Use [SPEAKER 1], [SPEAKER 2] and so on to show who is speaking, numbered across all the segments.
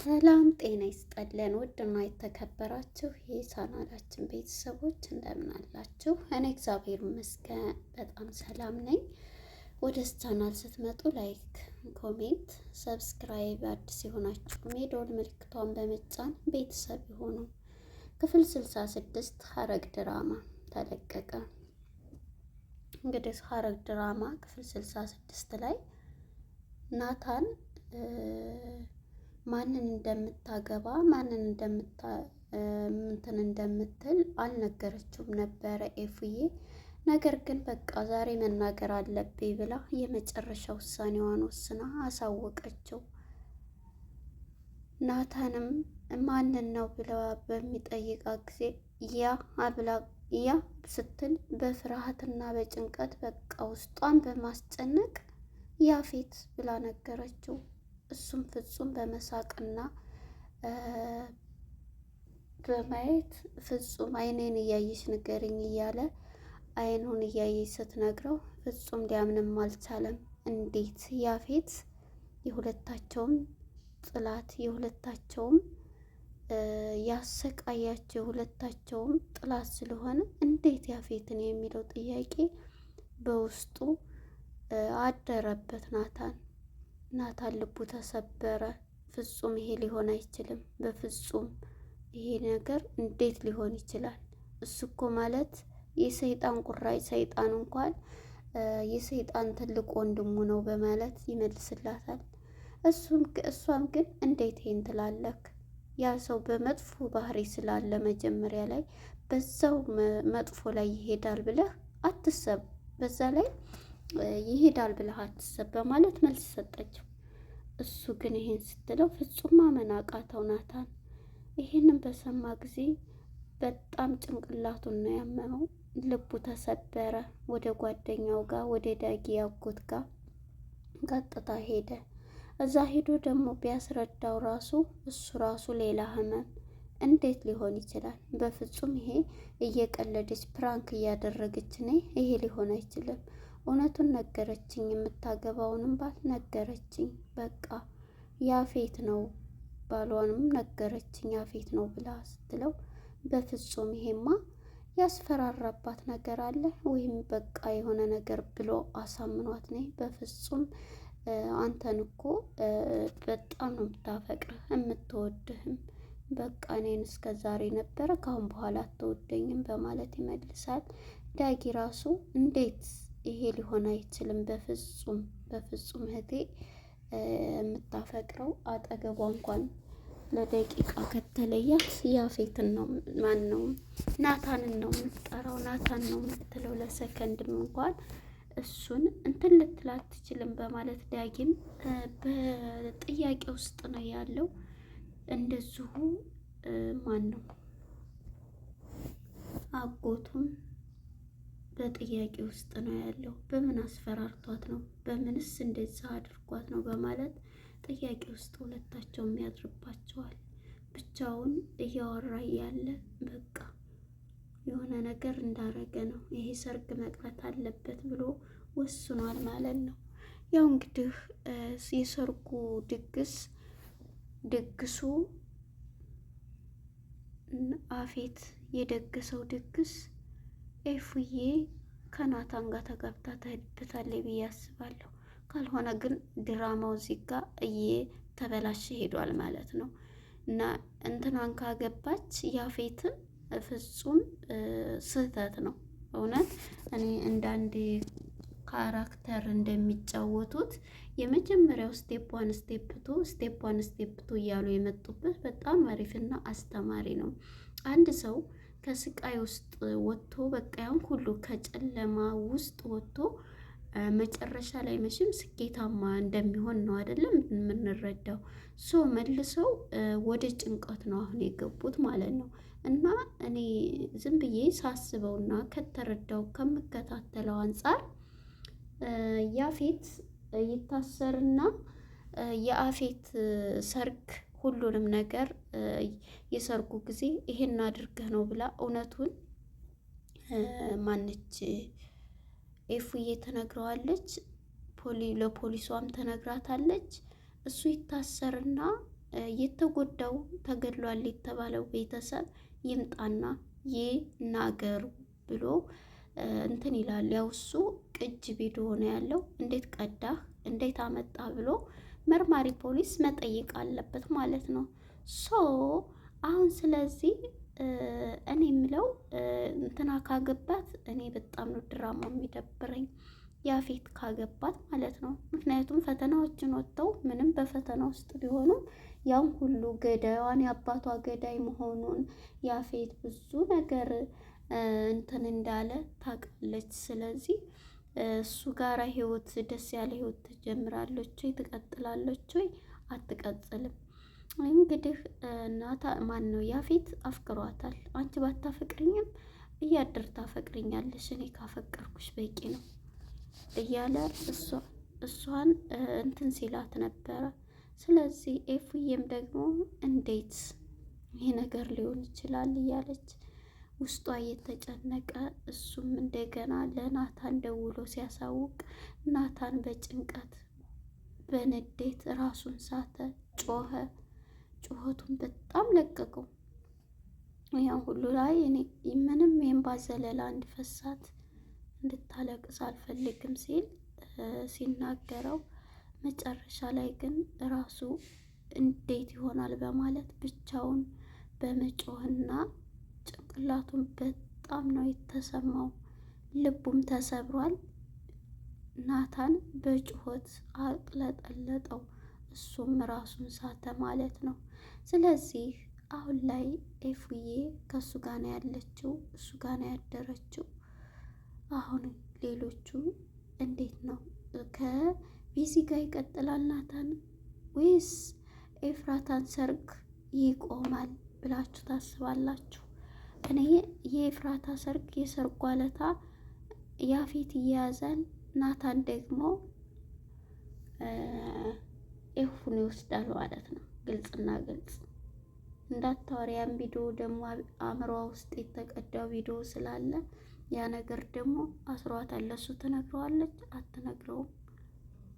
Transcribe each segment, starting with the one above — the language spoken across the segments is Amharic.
[SPEAKER 1] ሰላም ጤና ይስጠለን። ውድና የተከበራችሁ የቻናላችን ቤተሰቦች እንደምን አላችሁ? እኔ እግዚአብሔር ይመስገን በጣም ሰላም ነኝ። ወደ ቻናል ስትመጡ ላይክ፣ ኮሜንት፣ ሰብስክራይብ፣ አዲስ የሆናችሁ የደወል ምልክቷን በመጫን ቤተሰብ የሆኑ ክፍል ስልሳ ስድስት ሐረግ ድራማ ተለቀቀ። እንግዲህ ሐረግ ድራማ ክፍል ስልሳ ስድስት ላይ ናታን ማንን እንደምታገባ ማንን እንደምታ እንደምትል አልነገረችውም ነበረ ኤፉዬ። ነገር ግን በቃ ዛሬ መናገር አለብኝ ብላ የመጨረሻ ውሳኔዋን ወስና አሳወቀችው። ናታንም ማንን ነው ብለዋ በሚጠይቃ ጊዜ ያ አብላ ያ ስትል በፍርሃትና በጭንቀት በቃ ውስጧን በማስጨነቅ ያፌት ብላ ነገረችው። እሱም ፍጹም በመሳቅና በማየት ፍጹም አይኔን እያየች ንገርኝ እያለ አይኑን እያየች ስትነግረው ፍጹም ሊያምንም አልቻለም። እንዴት ያፌት የሁለታቸውም ጥላት የሁለታቸውም ያሰቃያቸው የሁለታቸውም ጥላት ስለሆነ እንዴት ያፌትን የሚለው ጥያቄ በውስጡ አደረበት ናታን። ናታን ልቡ ተሰበረ። ፍጹም ይሄ ሊሆን አይችልም። በፍጹም ይሄ ነገር እንዴት ሊሆን ይችላል? እሱ እኮ ማለት የሰይጣን ቁራጭ ሰይጣን እንኳን የሰይጣን ትልቅ ወንድሙ ነው በማለት ይመልስላታል። እሷም ግን እንዴት ይሄን ትላለክ? ያ ሰው በመጥፎ ባህሪ ስላለ መጀመሪያ ላይ በዛው መጥፎ ላይ ይሄዳል ብለህ አትሰብ። በዛ ላይ ይሄዳል ብለህ አትሰብ በማለት መልስ ሰጠችው። እሱ ግን ይሄን ስትለው ፍጹም ማመን አቃተው። ናታን ይህንን በሰማ ጊዜ በጣም ጭንቅላቱን ነው ያመመው። ልቡ ተሰበረ። ወደ ጓደኛው ጋር ወደ ዳጊ ያጎት ጋር ቀጥታ ሄደ። እዛ ሄዶ ደግሞ ቢያስረዳው ራሱ እሱ ራሱ ሌላ ህመም እንዴት ሊሆን ይችላል? በፍጹም ይሄ እየቀለደች ፕራንክ እያደረገች ነኝ፣ ይሄ ሊሆን አይችልም እውነቱን ነገረችኝ። የምታገባውንም ባል ነገረችኝ። በቃ ያፌት ነው ባሏንም ነገረችኝ። ያፌት ነው ብላ ስትለው በፍጹም ይሄማ ያስፈራራባት ነገር አለ ወይም በቃ የሆነ ነገር ብሎ አሳምኗት ነኝ። በፍጹም አንተን እኮ በጣም ነው የምታፈቅርህ የምትወድህም። በቃ እኔን እስከ ዛሬ ነበረ፣ ካሁን በኋላ አትወደኝም በማለት ይመልሳል። ዳጊ ራሱ እንዴት ይሄ ሊሆን አይችልም። በፍጹም በፍጹም እህቴ የምታፈቅረው አጠገቧ እንኳን ለደቂቃ ከተለያት ያፌትን ነው ማን ነው ናታንን ነው የምትጠራው፣ ናታን ነው የምትለው። ለሰከንድም እንኳን እሱን እንትን ልትላ አትችልም በማለት ዳጊም በጥያቄ ውስጥ ነው ያለው። እንደዚሁ ማን ነው አጎቱም በጥያቄ ውስጥ ነው ያለው። በምን አስፈራርቷት ነው? በምንስ እንደዛ አድርጓት ነው? በማለት ጥያቄ ውስጥ ሁለታቸውም ያድርባቸዋል። ብቻውን እያወራ ያለ በቃ የሆነ ነገር እንዳረገ ነው። ይሄ ሰርግ መቅረት አለበት ብሎ ወስኗል ማለት ነው። ያው እንግዲህ የሰርጉ ድግስ ድግሱ አፌት የደገሰው ድግስ ኤፉዬ ከናታን ጋር ተጋብታ ትሄድበታለች ብዬ አስባለሁ። ካልሆነ ግን ድራማው እዚህ እየ ተበላሽ ሄዷል ማለት ነው እና እንትናን ካገባች ያፌትን ፍጹም ስህተት ነው። እውነት እኔ እንዳንድ ካራክተር እንደሚጫወቱት የመጀመሪያው ስቴፕ ዋን ስቴፕ ቱ ስቴፕ ዋን ስቴፕ ቱ እያሉ የመጡበት በጣም አሪፍና አስተማሪ ነው። አንድ ሰው ከስቃይ ውስጥ ወጥቶ በቃ ያን ሁሉ ከጨለማ ውስጥ ወጥቶ መጨረሻ ላይ መቼም ስኬታማ እንደሚሆን ነው አይደለም የምንረዳው። ሶ መልሰው ወደ ጭንቀት ነው አሁን የገቡት ማለት ነው። እና እኔ ዝም ብዬ ሳስበውና ከተረዳው ከምከታተለው አንጻር ያፌት ይታሰርና የአፌት ሰርግ ሁሉንም ነገር የሰርጉ ጊዜ ይሄን አድርገህ ነው ብላ እውነቱን ማነች ኤፉዬ ተነግረዋለች። ፖሊ ለፖሊሷም ተነግራታለች። እሱ ይታሰርና የተጎዳው ተገድሏል የተባለው ቤተሰብ ይምጣና ይናገሩ ብሎ እንትን ይላል። ያው እሱ ቅጅ ቪዲዮ ሆነ ያለው። እንዴት ቀዳህ፣ እንዴት አመጣህ ብሎ መርማሪ ፖሊስ መጠየቅ አለበት ማለት ነው። ሶ አሁን ስለዚህ እኔ የምለው እንትና ካገባት እኔ በጣም ነው ድራማ የሚደብረኝ ያፌት ካገባት ማለት ነው። ምክንያቱም ፈተናዎችን ወጥተው ምንም በፈተና ውስጥ ቢሆኑም ያም ሁሉ ገዳይዋን የአባቷ ገዳይ መሆኑን ያፌት ብዙ ነገር እንትን እንዳለ ታውቃለች። ስለዚህ እሱ ጋር ህይወት ደስ ያለ ህይወት ትጀምራለች ወይ ትቀጥላለች ወይ አትቀጥልም? እንግዲህ እናታ ማን ነው ያፌት አፍቅሯታል። አንቺ ባታፈቅርኝም እያደር ታፈቅርኛለሽ፣ እኔ ካፈቀርኩሽ በቂ ነው እያለ እሷን እንትን ሲላት ነበረ። ስለዚህ ኤፉዬም ደግሞ እንዴት ይሄ ነገር ሊሆን ይችላል እያለች ውስጧ እየተጨነቀ እሱም እንደገና ለናታን ደውሎ ሲያሳውቅ ናታን በጭንቀት በንዴት ራሱን ሳተ፣ ጮኸ። ጩኸቱን በጣም ለቀቀው። ያን ሁሉ ላይ እኔ ምንም ይህም ባዘለላ እንዲፈሳት እንድታለቅስ አልፈልግም ሲል ሲናገረው መጨረሻ ላይ ግን ራሱ እንዴት ይሆናል በማለት ብቻውን በመጮህና ጭንቅላቱን በጣም ነው የተሰማው፣ ልቡም ተሰብሯል። ናታን በጩኸት አቅለጠለጠው። እሱም ራሱን ሳተ ማለት ነው። ስለዚህ አሁን ላይ ኤፉዬ ከእሱ ጋር ነው ያለችው፣ እሱ ጋር ነው ያደረችው። አሁን ሌሎቹ እንዴት ነው ከቢዚ ጋር ይቀጥላል ናታን ወይስ ኤፍራታን ሰርግ ይቆማል ብላችሁ ታስባላችሁ? እኔ የኤፍራታ ሰርግ የሰርጉ ዕለት ያፌት እየያዛል፣ ናታን ደግሞ ኤፉን ይወስዳል ማለት ነው። ግልጽና ግልጽ እንዳታወሪ። ያን ቪዲዮ ደግሞ አእምሯ ውስጥ የተቀዳው ቪዲዮ ስላለ ያ ነገር ደግሞ አስሯታል። ለሱ ትነግረዋለች አትነግረውም?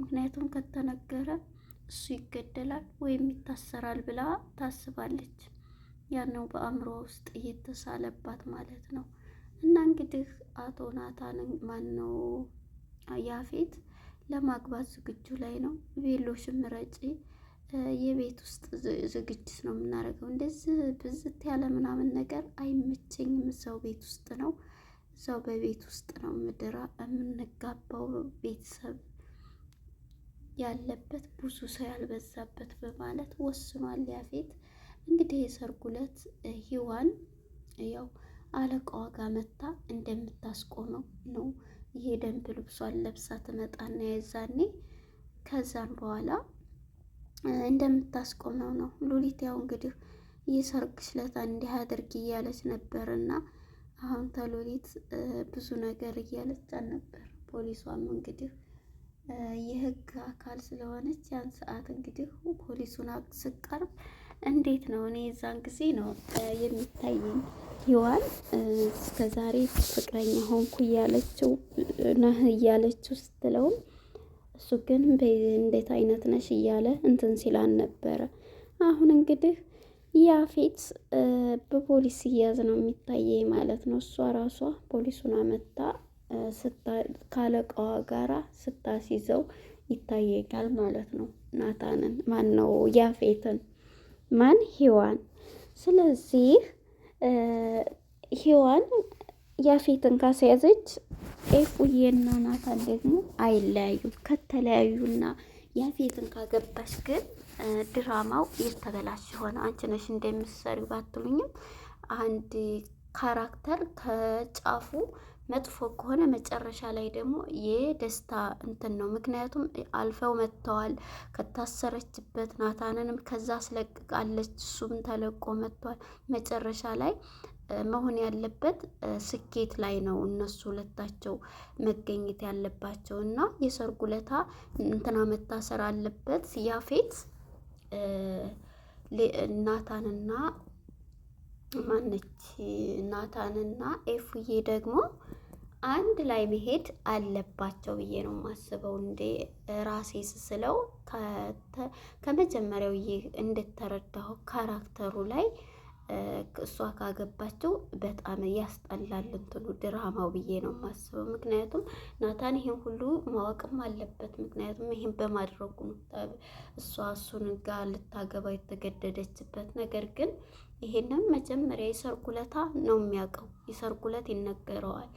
[SPEAKER 1] ምክንያቱም ከተነገረ እሱ ይገደላል ወይም ይታሰራል ብላ ታስባለች። ያነው በአእምሮ ውስጥ እየተሳለባት ማለት ነው። እና እንግዲህ አቶ ናታን ነው ያፌት ለማግባት ዝግጁ ላይ ነው። ቬሎ ሽምረጪ የቤት ውስጥ ዝግጅት ነው የምናደርገው። እንደዚህ ብዝት ያለ ምናምን ነገር አይመቸኝም። እዛው ቤት ውስጥ ነው እዛው በቤት ውስጥ ነው ምድራ የምንጋባው ቤተሰብ ያለበት ብዙ ሰው ያልበዛበት በማለት ወስኗል ያፌት። እንግዲህ የሰርጉ ዕለት ሂዋን ያው አለቃዋ ጋር መታ እንደምታስቆመው ነው። ይሄ ደንብ ልብሷን ለብሳ ትመጣና የዛኔ ከዛም በኋላ እንደምታስቆመው ነው። ሉሊት ያው እንግዲህ የሰርግ ሽለታ እንዲህ አድርግ እያለች ነበር እና አሁን ተሉሊት ብዙ ነገር እያለቻን ነበር። ፖሊሷም እንግዲህ የህግ አካል ስለሆነች ያን ሰዓት እንግዲህ ፖሊሱን ስቀርብ እንዴት ነው? እኔ የዛን ጊዜ ነው የሚታየኝ ይዋል እስከ ዛሬ ፍቅረኛ ሆንኩ እያለችው ነህ እያለችው ስትለውም እሱ ግን እንዴት አይነት ነሽ እያለ እንትን ሲላን ነበረ። አሁን እንግዲህ ያፌት በፖሊስ እያዝ ነው የሚታየኝ ማለት ነው። እሷ ራሷ ፖሊሱን አመታ ካለቃዋ ጋራ ስታስይዘው ይታየኛል ማለት ነው። ናታንን ማን ነው ያፌትን ማን ሂዋን። ስለዚህ ሂዋን ያፌትን ካስያዘች ኤፉዬና ናታን ደግሞ አይለያዩም። ከተለያዩና ያፌትን ካገባች ግን ድራማው የተበላሽ ሆነ። አንቺ ነሽ እንደምትሰሪው ባትሉኝም አንድ ካራክተር ከጫፉ መጥፎ ከሆነ መጨረሻ ላይ ደግሞ የደስታ እንትን ነው። ምክንያቱም አልፈው መጥተዋል። ከታሰረችበት ናታንንም ከዛ አስለቅቃለች፣ እሱም ተለቆ መጥተዋል። መጨረሻ ላይ መሆን ያለበት ስኬት ላይ ነው እነሱ ሁለታቸው መገኘት ያለባቸው እና የሰርጉ ለታ እንትና መታሰር አለበት ያፌት ናታንና ማነች ናታንና ኤፉዬ ደግሞ አንድ ላይ መሄድ አለባቸው ብዬ ነው የማስበው። እንዴ ራሴ ስስለው ከመጀመሪያው ይህ እንደተረዳሁ ካራክተሩ ላይ እሷ ካገባቸው በጣም ያስጠላል እንትኑ ድራማው ብዬ ነው የማስበው። ምክንያቱም ናታን ይሄን ሁሉ ማወቅም አለበት። ምክንያቱም ይሄን በማድረጉ እሷ እሱን ጋር ልታገባ የተገደደችበት። ነገር ግን ይሄንም መጀመሪያ የሰርጉ ነው የሚያውቀው። የሰርጉ ይነገረዋል።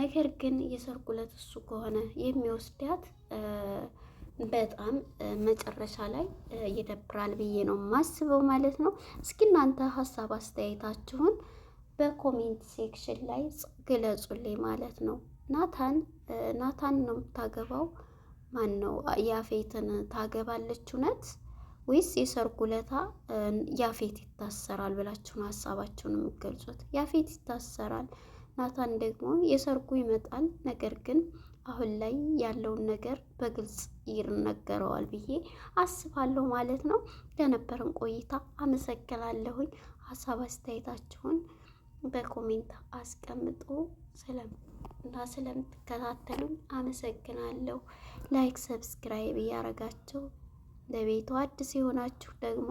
[SPEAKER 1] ነገር ግን የሰርጉ እሱ ከሆነ የሚወስዳት በጣም መጨረሻ ላይ ይደብራል ብዬ ነው የማስበው ማለት ነው። እስኪ እናንተ ሀሳብ አስተያየታችሁን በኮሜንት ሴክሽን ላይ ግለጹልኝ ማለት ነው። ናታን ናታን ነው የምታገባው? ማን ነው ያፌትን ታገባለች እውነት ወይስ የሰርጉ ዕለት ያፌት ይታሰራል ብላችሁ ነው ሀሳባችሁን የምትገልጹት? ያፌት ይታሰራል ናታን ደግሞ የሰርጉ ይመጣል። ነገር ግን አሁን ላይ ያለውን ነገር በግልጽ ይነገረዋል ብዬ አስባለሁ ማለት ነው። ለነበረን ቆይታ አመሰግናለሁኝ። ሀሳብ አስተያየታችሁን በኮሜንት አስቀምጡ። እና ስለምትከታተሉኝ አመሰግናለሁ። ላይክ፣ ሰብስክራይብ እያረጋችሁ ለቤቱ አዲስ የሆናችሁ ደግሞ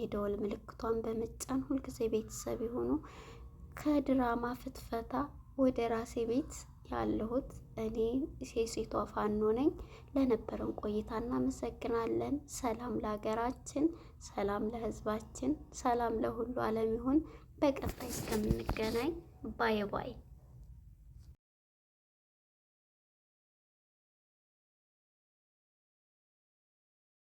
[SPEAKER 1] የደወል ምልክቷን በመጫን ሁልጊዜ ቤተሰብ የሆኑ ከድራማ ፍትፈታ ወደ ራሴ ቤት ያለሁት እኔ ሴሴቷ ፋኖ ነኝ። ለነበረን ቆይታ እናመሰግናለን። ሰላም ለሀገራችን፣ ሰላም ለሕዝባችን፣ ሰላም ለሁሉ ዓለም ይሁን። በቀጣይ እስከምንገናኝ ባይ ባይ።